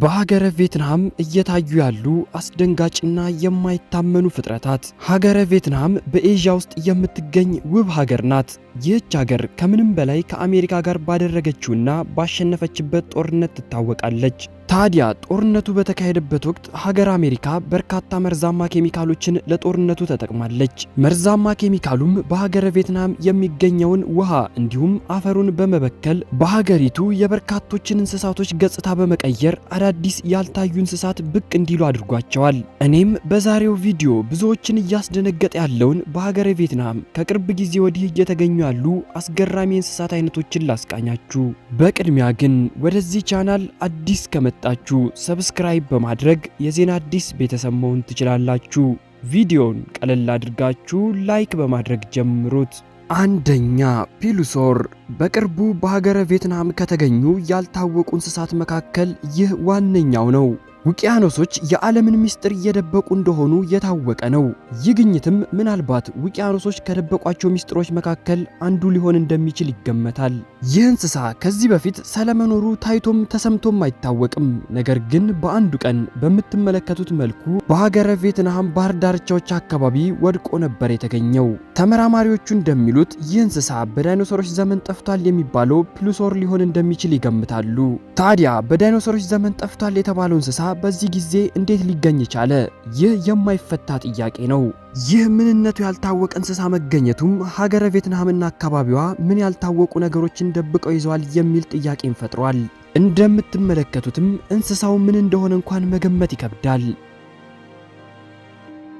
በሀገረ ቬትናም እየታዩ ያሉ አስደንጋጭና የማይታመኑ ፍጥረታት። ሀገረ ቬትናም በኤዥያ ውስጥ የምትገኝ ውብ ሀገር ናት። ይህች አገር ከምንም በላይ ከአሜሪካ ጋር ባደረገችውና ባሸነፈችበት ጦርነት ትታወቃለች። ታዲያ ጦርነቱ በተካሄደበት ወቅት ሀገር አሜሪካ በርካታ መርዛማ ኬሚካሎችን ለጦርነቱ ተጠቅማለች። መርዛማ ኬሚካሉም በሀገረ ቬትናም የሚገኘውን ውሃ እንዲሁም አፈሩን በመበከል በሀገሪቱ የበርካቶችን እንስሳቶች ገጽታ በመቀየር አዳዲስ ያልታዩ እንስሳት ብቅ እንዲሉ አድርጓቸዋል። እኔም በዛሬው ቪዲዮ ብዙዎችን እያስደነገጠ ያለውን በሀገረ ቬትናም ከቅርብ ጊዜ ወዲህ እየተገኙ ያሉ አስገራሚ የእንስሳት አይነቶችን ላስቃኛችሁ። በቅድሚያ ግን ወደዚህ ቻናል አዲስ ከመጣችሁ ሰብስክራይብ በማድረግ የዜና አዲስ ቤተሰብ መሆን ትችላላችሁ። ቪዲዮን ቀለል አድርጋችሁ ላይክ በማድረግ ጀምሩት። አንደኛ ፒሉሶር። በቅርቡ በሀገረ ቬትናም ከተገኙ ያልታወቁ እንስሳት መካከል ይህ ዋነኛው ነው። ውቅያኖሶች የዓለምን ምስጢር እየደበቁ እንደሆኑ የታወቀ ነው። ይህ ግኝትም ምናልባት ውቅያኖሶች ከደበቋቸው ምስጢሮች መካከል አንዱ ሊሆን እንደሚችል ይገመታል። ይህ እንስሳ ከዚህ በፊት ስለመኖሩ ታይቶም ተሰምቶም አይታወቅም። ነገር ግን በአንዱ ቀን በምትመለከቱት መልኩ በሀገረ ቬትናም ባህር ዳርቻዎች አካባቢ ወድቆ ነበር የተገኘው። ተመራማሪዎቹ እንደሚሉት ይህ እንስሳ በዳይኖሰሮች ዘመን ጠፍቷል የሚባለው ፕሉሶር ሊሆን እንደሚችል ይገምታሉ። ታዲያ በዳይኖሰሮች ዘመን ጠፍቷል የተባለው እንስሳ በዚህ ጊዜ እንዴት ሊገኝ ቻለ? ይህ የማይፈታ ጥያቄ ነው። ይህ ምንነቱ ያልታወቀ እንስሳ መገኘቱም ሀገረ ቬትናምና አካባቢዋ ምን ያልታወቁ ነገሮችን ደብቀው ይዘዋል የሚል ጥያቄን ፈጥሯል። እንደምትመለከቱትም እንስሳው ምን እንደሆነ እንኳን መገመት ይከብዳል።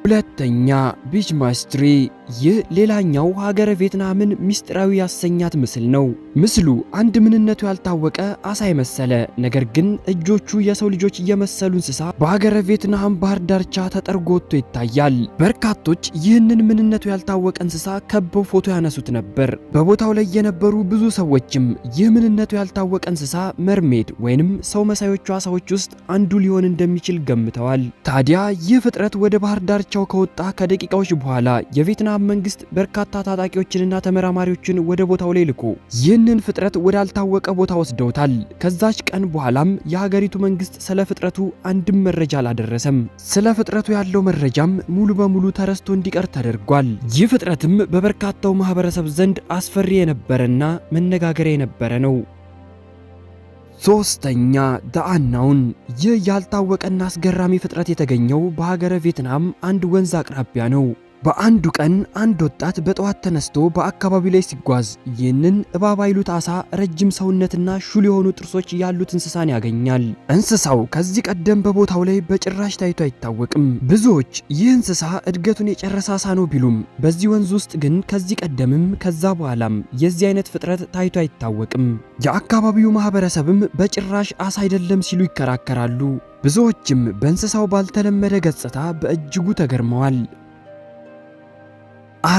ሁለተኛ ቢች ማስትሪ ይህ ሌላኛው ሀገረ ቬትናምን ሚስጥራዊ ያሰኛት ምስል ነው። ምስሉ አንድ ምንነቱ ያልታወቀ አሳ የመሰለ ነገር ግን እጆቹ የሰው ልጆች እየመሰሉ እንስሳ በሀገረ ቬትናም ባህር ዳርቻ ተጠርጎ ወጥቶ ይታያል። በርካቶች ይህንን ምንነቱ ያልታወቀ እንስሳ ከበው ፎቶ ያነሱት ነበር። በቦታው ላይ የነበሩ ብዙ ሰዎችም ይህ ምንነቱ ያልታወቀ እንስሳ መርሜድ ወይንም ሰው መሳዮቹ አሳዎች ውስጥ አንዱ ሊሆን እንደሚችል ገምተዋል። ታዲያ ይህ ፍጥረት ወደ ባህር ዳርቻው ከወጣ ከደቂቃዎች በኋላ የቬትናም መንግስት በርካታ ታጣቂዎችንና ተመራማሪዎችን ወደ ቦታው ላይ ልኮ ይህንን ፍጥረት ወዳልታወቀ ቦታ ወስደውታል። ከዛች ቀን በኋላም የሀገሪቱ መንግስት ስለ ፍጥረቱ አንድም መረጃ አላደረሰም። ስለ ፍጥረቱ ያለው መረጃም ሙሉ በሙሉ ተረስቶ እንዲቀር ተደርጓል። ይህ ፍጥረትም በበርካታው ማህበረሰብ ዘንድ አስፈሪ የነበረና መነጋገሪያ የነበረ ነው። ሶስተኛ ዳአናውን። ይህ ያልታወቀና አስገራሚ ፍጥረት የተገኘው በሀገረ ቬትናም አንድ ወንዝ አቅራቢያ ነው። በአንዱ ቀን አንድ ወጣት በጠዋት ተነስቶ በአካባቢው ላይ ሲጓዝ ይህንን እባብ አይሉት አሳ ረጅም ሰውነትና ሹል የሆኑ ጥርሶች ያሉት እንስሳን ያገኛል። እንስሳው ከዚህ ቀደም በቦታው ላይ በጭራሽ ታይቶ አይታወቅም። ብዙዎች ይህ እንስሳ እድገቱን የጨረሰ አሳ ነው ቢሉም በዚህ ወንዝ ውስጥ ግን ከዚህ ቀደምም ከዛ በኋላም የዚህ አይነት ፍጥረት ታይቶ አይታወቅም። የአካባቢው ማህበረሰብም በጭራሽ አሳ አይደለም ሲሉ ይከራከራሉ። ብዙዎችም በእንስሳው ባልተለመደ ገጽታ በእጅጉ ተገርመዋል።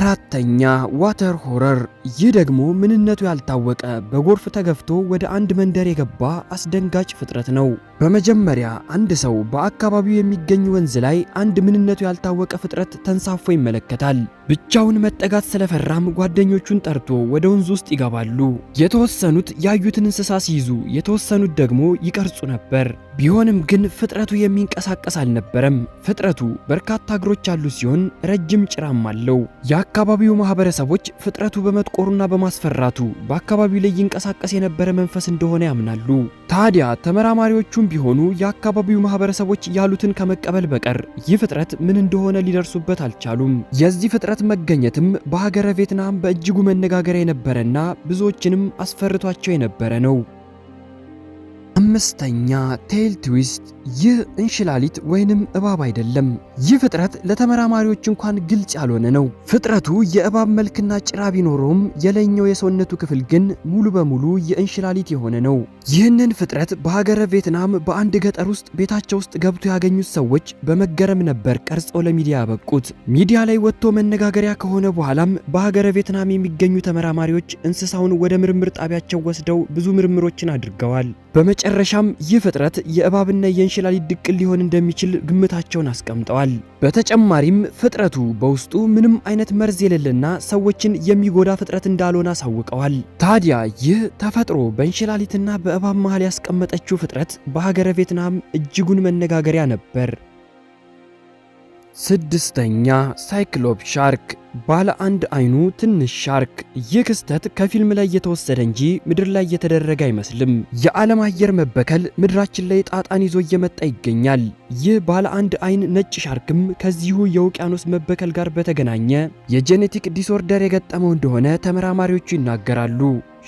አራተኛ ዋተር ሆረር። ይህ ደግሞ ምንነቱ ያልታወቀ በጎርፍ ተገፍቶ ወደ አንድ መንደር የገባ አስደንጋጭ ፍጥረት ነው። በመጀመሪያ አንድ ሰው በአካባቢው የሚገኝ ወንዝ ላይ አንድ ምንነቱ ያልታወቀ ፍጥረት ተንሳፎ ይመለከታል። ብቻውን መጠጋት ስለፈራም ጓደኞቹን ጠርቶ ወደ ወንዝ ውስጥ ይገባሉ። የተወሰኑት ያዩትን እንስሳ ሲይዙ፣ የተወሰኑት ደግሞ ይቀርጹ ነበር። ቢሆንም ግን ፍጥረቱ የሚንቀሳቀስ አልነበረም። ፍጥረቱ በርካታ እግሮች ያሉት ሲሆን ረጅም ጭራም አለው። የአካባቢው ማህበረሰቦች ፍጥረቱ በመጥቆሩና በማስፈራቱ በአካባቢው ላይ ይንቀሳቀስ የነበረ መንፈስ እንደሆነ ያምናሉ። ታዲያ ተመራማሪዎቹም ቢሆኑ የአካባቢው ማህበረሰቦች ያሉትን ከመቀበል በቀር ይህ ፍጥረት ምን እንደሆነ ሊደርሱበት አልቻሉም። የዚህ ፍጥረት ጥረት መገኘትም በሀገረ ቬትናም በእጅጉ መነጋገሪያ የነበረና ብዙዎችንም አስፈርቷቸው የነበረ ነው። አምስተኛ ቴል ትዊስት ይህ እንሽላሊት ወይንም እባብ አይደለም። ይህ ፍጥረት ለተመራማሪዎች እንኳን ግልጽ ያልሆነ ነው። ፍጥረቱ የእባብ መልክና ጭራ ቢኖረውም የላይኛው የሰውነቱ ክፍል ግን ሙሉ በሙሉ የእንሽላሊት የሆነ ነው። ይህንን ፍጥረት በሀገረ ቬትናም በአንድ ገጠር ውስጥ ቤታቸው ውስጥ ገብቶ ያገኙት ሰዎች በመገረም ነበር ቀርጸው ለሚዲያ ያበቁት። ሚዲያ ላይ ወጥቶ መነጋገሪያ ከሆነ በኋላም በሀገረ ቬትናም የሚገኙ ተመራማሪዎች እንስሳውን ወደ ምርምር ጣቢያቸው ወስደው ብዙ ምርምሮችን አድርገዋል። በመጨረሻም ይህ ፍጥረት የእባብና ይችላል ይድቅል ሊሆን እንደሚችል ግምታቸውን አስቀምጠዋል። በተጨማሪም ፍጥረቱ በውስጡ ምንም አይነት መርዝ የሌለና ሰዎችን የሚጎዳ ፍጥረት እንዳልሆነ አሳውቀዋል። ታዲያ ይህ ተፈጥሮ በእንሽላሊትና በእባብ መሃል ያስቀመጠችው ፍጥረት በሀገረ ቬትናም እጅጉን መነጋገሪያ ነበር። ስድስተኛ ሳይክሎፕ ሻርክ ባለ አንድ አይኑ ትንሽ ሻርክ። ይህ ክስተት ከፊልም ላይ የተወሰደ እንጂ ምድር ላይ የተደረገ አይመስልም። የዓለም አየር መበከል ምድራችን ላይ ጣጣን ይዞ እየመጣ ይገኛል። ይህ ባለ አንድ አይን ነጭ ሻርክም ከዚሁ የውቅያኖስ መበከል ጋር በተገናኘ የጄኔቲክ ዲስኦርደር የገጠመው እንደሆነ ተመራማሪዎቹ ይናገራሉ።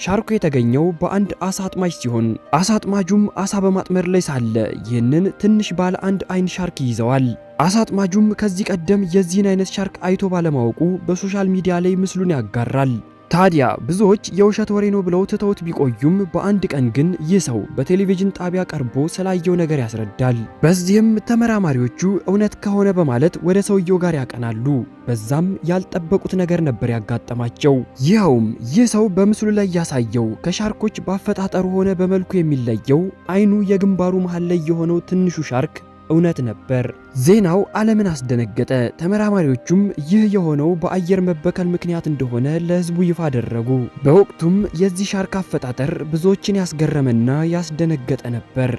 ሻርኩ የተገኘው በአንድ አሳ አጥማጅ ሲሆን አሳ አጥማጁም አሳ በማጥመር ላይ ሳለ ይህንን ትንሽ ባለ አንድ አይን ሻርክ ይይዘዋል። አሳ አጥማጁም ከዚህ ቀደም የዚህን አይነት ሻርክ አይቶ ባለማወቁ በሶሻል ሚዲያ ላይ ምስሉን ያጋራል። ታዲያ ብዙዎች የውሸት ወሬ ነው ብለው ትተውት ቢቆዩም በአንድ ቀን ግን ይህ ሰው በቴሌቪዥን ጣቢያ ቀርቦ ስላየው ነገር ያስረዳል። በዚህም ተመራማሪዎቹ እውነት ከሆነ በማለት ወደ ሰውየው ጋር ያቀናሉ። በዛም ያልጠበቁት ነገር ነበር ያጋጠማቸው። ይኸውም ይህ ሰው በምስሉ ላይ ያሳየው ከሻርኮች በአፈጣጠሩ ሆነ በመልኩ የሚለየው አይኑ የግንባሩ መሃል ላይ የሆነው ትንሹ ሻርክ እውነት ነበር። ዜናው ዓለምን አስደነገጠ። ተመራማሪዎቹም ይህ የሆነው በአየር መበከል ምክንያት እንደሆነ ለህዝቡ ይፋ አደረጉ። በወቅቱም የዚህ ሻርክ አፈጣጠር ብዙዎችን ያስገረመና ያስደነገጠ ነበር።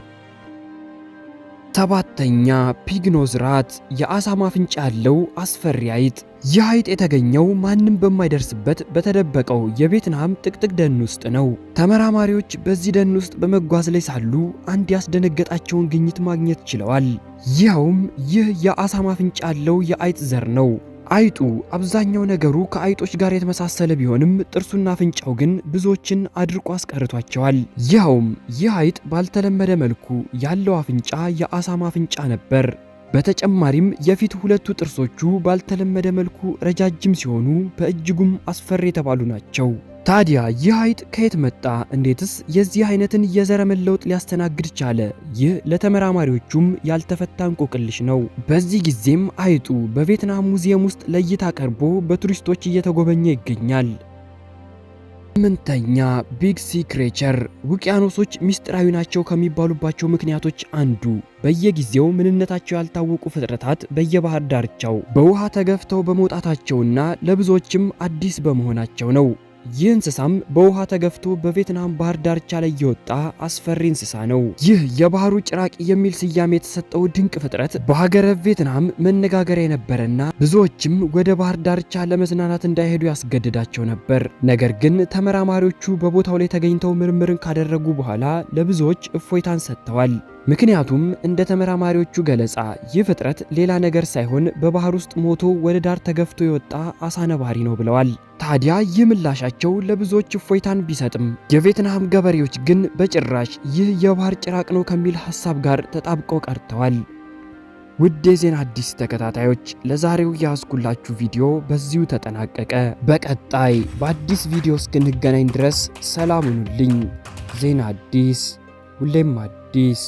ሰባተኛ ፒግኖዝራት የአሳማ አፍንጫ ያለው አስፈሪ አይጥ ይህ አይጥ የተገኘው ማንም በማይደርስበት በተደበቀው የቬትናም ጥቅጥቅ ደን ውስጥ ነው። ተመራማሪዎች በዚህ ደን ውስጥ በመጓዝ ላይ ሳሉ አንድ ያስደነገጣቸውን ግኝት ማግኘት ችለዋል። ይኸውም ይህ የአሳ ማፍንጫ ያለው የአይጥ ዘር ነው። አይጡ አብዛኛው ነገሩ ከአይጦች ጋር የተመሳሰለ ቢሆንም ጥርሱና አፍንጫው ግን ብዙዎችን አድርቆ አስቀርቷቸዋል። ይኸውም ይህ አይጥ ባልተለመደ መልኩ ያለው አፍንጫ የአሳማ አፍንጫ ነበር። በተጨማሪም የፊት ሁለቱ ጥርሶቹ ባልተለመደ መልኩ ረጃጅም ሲሆኑ በእጅጉም አስፈሪ የተባሉ ናቸው። ታዲያ ይህ አይጥ ከየት መጣ? እንዴትስ የዚህ አይነትን የዘረመል ለውጥ ሊያስተናግድ ቻለ? ይህ ለተመራማሪዎቹም ያልተፈታ እንቆቅልሽ ነው። በዚህ ጊዜም አይጡ በቬትናም ሙዚየም ውስጥ ለእይታ ቀርቦ በቱሪስቶች እየተጎበኘ ይገኛል። ስምንተኛ ቢግ ሲ ክሬቸር። ውቅያኖሶች ሚስጥራዊ ናቸው ከሚባሉባቸው ምክንያቶች አንዱ በየጊዜው ምንነታቸው ያልታወቁ ፍጥረታት በየባህር ዳርቻው በውሃ ተገፍተው በመውጣታቸውና ለብዙዎችም አዲስ በመሆናቸው ነው። ይህ እንስሳም በውሃ ተገፍቶ በቬትናም ባህር ዳርቻ ላይ የወጣ አስፈሪ እንስሳ ነው። ይህ የባህሩ ጭራቅ የሚል ስያሜ የተሰጠው ድንቅ ፍጥረት በሀገረ ቬትናም መነጋገሪያ የነበረና ብዙዎችም ወደ ባህር ዳርቻ ለመዝናናት እንዳይሄዱ ያስገድዳቸው ነበር። ነገር ግን ተመራማሪዎቹ በቦታው ላይ ተገኝተው ምርምርን ካደረጉ በኋላ ለብዙዎች እፎይታን ሰጥተዋል። ምክንያቱም እንደ ተመራማሪዎቹ ገለጻ ይህ ፍጥረት ሌላ ነገር ሳይሆን በባህር ውስጥ ሞቶ ወደ ዳር ተገፍቶ የወጣ አሳ ነባሪ ነው ብለዋል። ታዲያ ይህ ምላሻቸው ለብዙዎች እፎይታን ቢሰጥም የቬትናም ገበሬዎች ግን በጭራሽ ይህ የባህር ጭራቅ ነው ከሚል ሐሳብ ጋር ተጣብቀው ቀርተዋል። ውድ የዜና አዲስ ተከታታዮች ለዛሬው ያስኩላችሁ ቪዲዮ በዚሁ ተጠናቀቀ። በቀጣይ በአዲስ ቪዲዮ እስክንገናኝ ድረስ ሰላም ሁኑልኝ። ዜና አዲስ ሁሌም አዲስ